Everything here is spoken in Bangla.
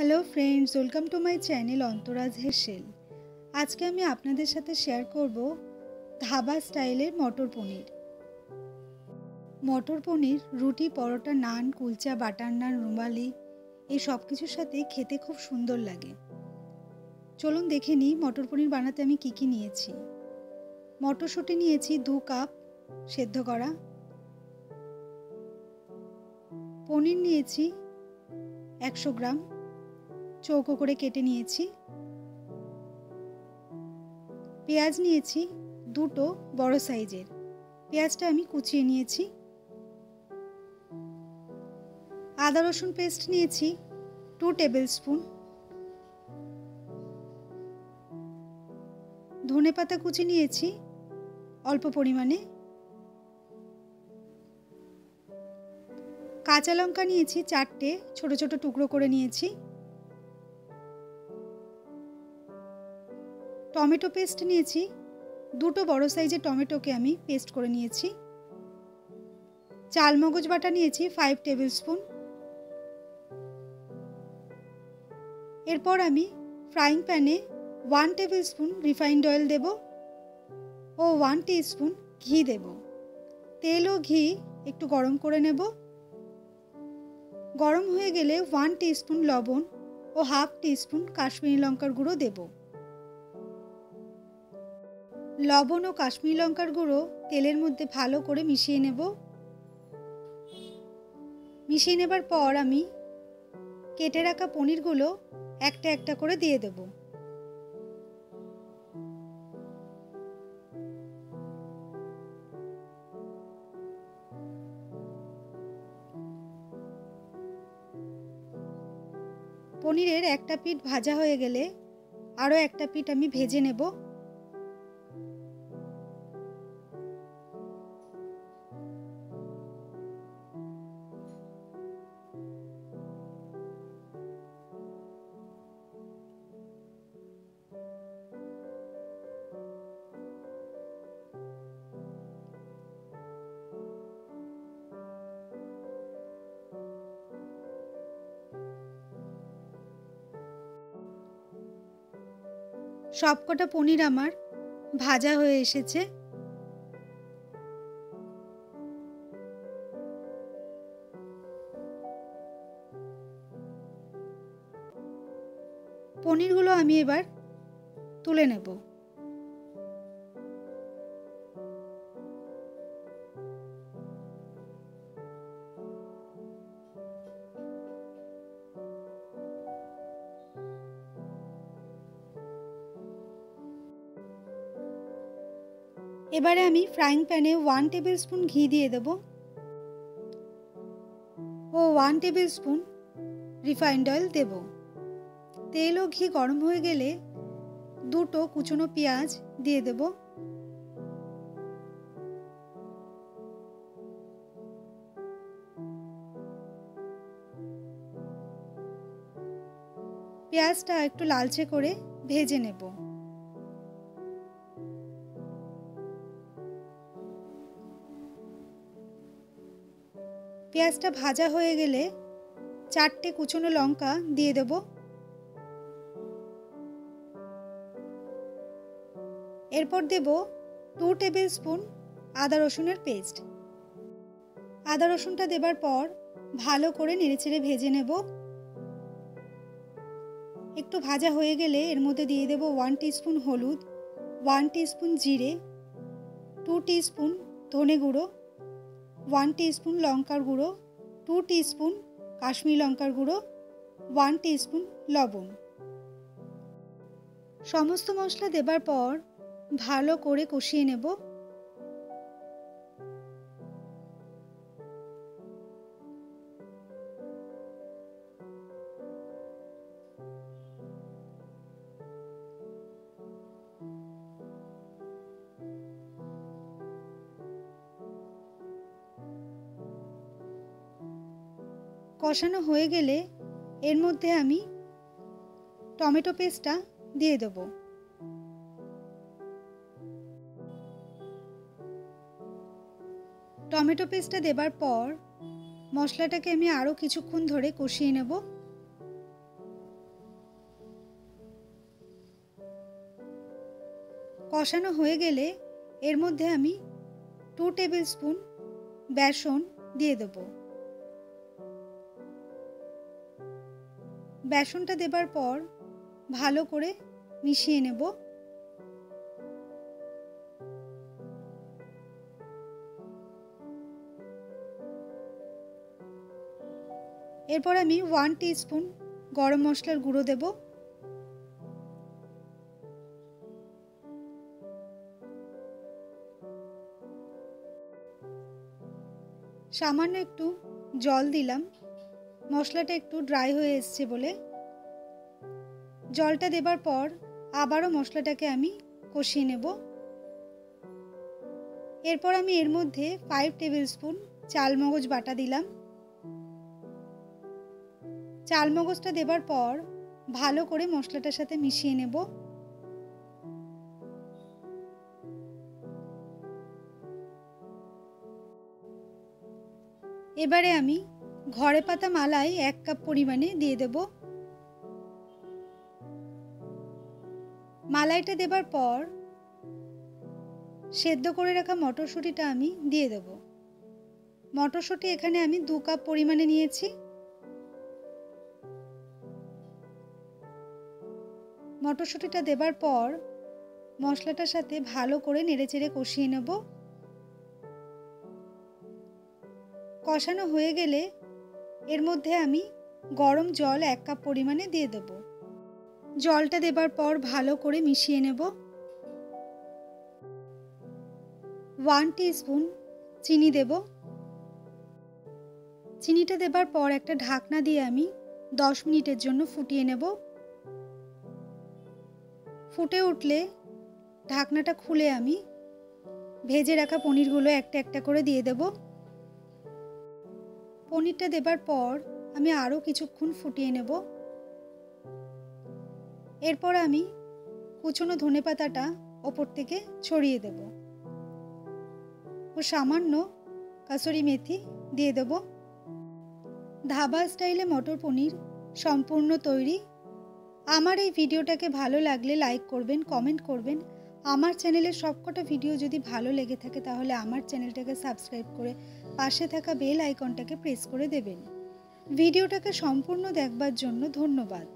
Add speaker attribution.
Speaker 1: hello friends welcome to my channel অন্তরাজ হেসেল আজকে আমি আপনাদের সাথে শেয়ার করব ধাবা স্টাইলের মটর পনির মটর পনির রুটি পরোটা নান কুলচা বাটার নান রুমালি এই সব কিছুর সাথে খেতে খুব সুন্দর লাগে চলুন দেখে নিই মটর পনির বানাতে আমি কি কি নিয়েছি মটরশুঁটি নিয়েছি দু কাপ সেদ্ধ করা পনির নিয়েছি একশো গ্রাম চৌকো করে কেটে নিয়েছি পেঁয়াজ নিয়েছি দুটো বড় সাইজের পেঁয়াজটা আমি কুচিয়ে নিয়েছি আদা রসুন পেস্ট নিয়েছি টু টেবিল স্পুন ধনে পাতা কুচি নিয়েছি অল্প পরিমাণে কাঁচা লঙ্কা নিয়েছি চারটে ছোট ছোট টুকরো করে নিয়েছি টমেটো পেস্ট নিয়েছি দুটো বড় সাইজের টমেটোকে আমি পেস্ট করে নিয়েছি চাল মগজ বাটা নিয়েছি ফাইভ টেবিল স্পুন এরপর আমি ফ্রাইং প্যানে one tablespoon refined oil দেব ও ওয়ান স্পুন ঘি দেব তেল ও ঘি একটু গরম করে নেব গরম হয়ে গেলে ওয়ান স্পুন লবণ ও হাফ স্পুন কাশ্মীরি লঙ্কার গুঁড়ো দেবো লবণ ও কাশ্মীর লঙ্কার গুঁড়ো তেলের মধ্যে ভালো করে মিশিয়ে নেব মিশিয়ে নেবার পর আমি কেটে রাখা পনিরগুলো একটা একটা করে দিয়ে দেব পনিরের একটা পিঠ ভাজা হয়ে গেলে আরও একটা পিঠ আমি ভেজে নেবো সবকটা পনির আমার ভাজা হয়ে এসেছে পনিরগুলো আমি এবার তুলে নেবো এবারে আমি ফ্রাইং প্যানে ওয়ান টেবিল স্পুন ঘি দিয়ে দেব ও one tablespoon refined oil দেব তেল ও ঘি গরম হয়ে গেলে দুটো কুচনো পেঁয়াজ দিয়ে দেব পেঁয়াজটা একটু লালচে করে ভেজে নেবো পেঁয়াজটা ভাজা হয়ে গেলে চারটে কুচনো লঙ্কা দিয়ে দেব এরপর দেব টু টেবিল স্পুন আদা রসুনের পেস্ট আদা রসুনটা দেবার পর ভালো করে নেড়েচেড়ে ভেজে নেব একটু ভাজা হয়ে গেলে এর মধ্যে দিয়ে দেব ওয়ান স্পুন হলুদ ওয়ান স্পুন জিরে টু স্পুন ধনে গুঁড়ো ওয়ান টিস্পুন লঙ্কার গুঁড়ো টু টিস্পুন কাশ্মীর লঙ্কার গুঁড়ো ওয়ান টিস্পুন লবণ সমস্ত মশলা দেবার পর ভালো করে কষিয়ে নেব কষানো হয়ে গেলে এর মধ্যে আমি টমেটো পেস্টটা দিয়ে দেব টমেটো পেস্টটা দেবার পর মশলাটাকে আমি আরও কিছুক্ষণ ধরে কষিয়ে নেব কষানো হয়ে গেলে এর মধ্যে আমি টু টেবিল স্পুন বেসন দিয়ে দেবো বেসনটা দেবার পর ভালো করে মিশিয়ে নেব এরপর আমি ওয়ান স্পুন গরম মশলার গুঁড়ো দেব সামান্য একটু জল দিলাম মশলাটা একটু ড্রাই হয়ে এসছে বলে জলটা দেবার পর আবারও মশলাটাকে আমি কষিয়ে নেব এরপর আমি এর মধ্যে ফাইভ টেবিল স্পুন চালমগজ বাটা দিলাম চালমগজটা দেবার পর ভালো করে মশলাটার সাথে মিশিয়ে নেব এবারে আমি ঘরে পাতা মালাই এক কাপ পরিমাণে দিয়ে দেব মালাইটা দেবার পর সেদ্ধ করে রাখা মটরশুঁটিটা আমি দিয়ে দেব মটরশুঁটি এখানে আমি দু কাপ পরিমাণে নিয়েছি মটরশুঁটিটা দেবার পর মশলাটার সাথে ভালো করে নেড়েচেড়ে কষিয়ে নেব কষানো হয়ে গেলে এর মধ্যে আমি গরম জল এক কাপ পরিমাণে দিয়ে দেব জলটা দেবার পর ভালো করে মিশিয়ে নেব ওয়ান স্পুন চিনি দেব চিনিটা দেবার পর একটা ঢাকনা দিয়ে আমি দশ মিনিটের জন্য ফুটিয়ে নেব ফুটে উঠলে ঢাকনাটা খুলে আমি ভেজে রাখা পনিরগুলো একটা একটা করে দিয়ে দেবো পনিরটা দেবার পর আমি আরও কিছুক্ষণ ফুটিয়ে নেব এরপর আমি কুচনো ধনে পাতাটা ওপর থেকে ছড়িয়ে দেব ও সামান্য কাসুরি মেথি দিয়ে দেব ধাবা স্টাইলে মটর পনির সম্পূর্ণ তৈরি আমার এই ভিডিওটাকে ভালো লাগলে লাইক করবেন কমেন্ট করবেন আমার চ্যানেলের সবকটা ভিডিও যদি ভালো লেগে থাকে তাহলে আমার চ্যানেলটাকে সাবস্ক্রাইব করে পাশে থাকা বেল আইকনটাকে প্রেস করে দেবেন ভিডিওটাকে সম্পূর্ণ দেখবার জন্য ধন্যবাদ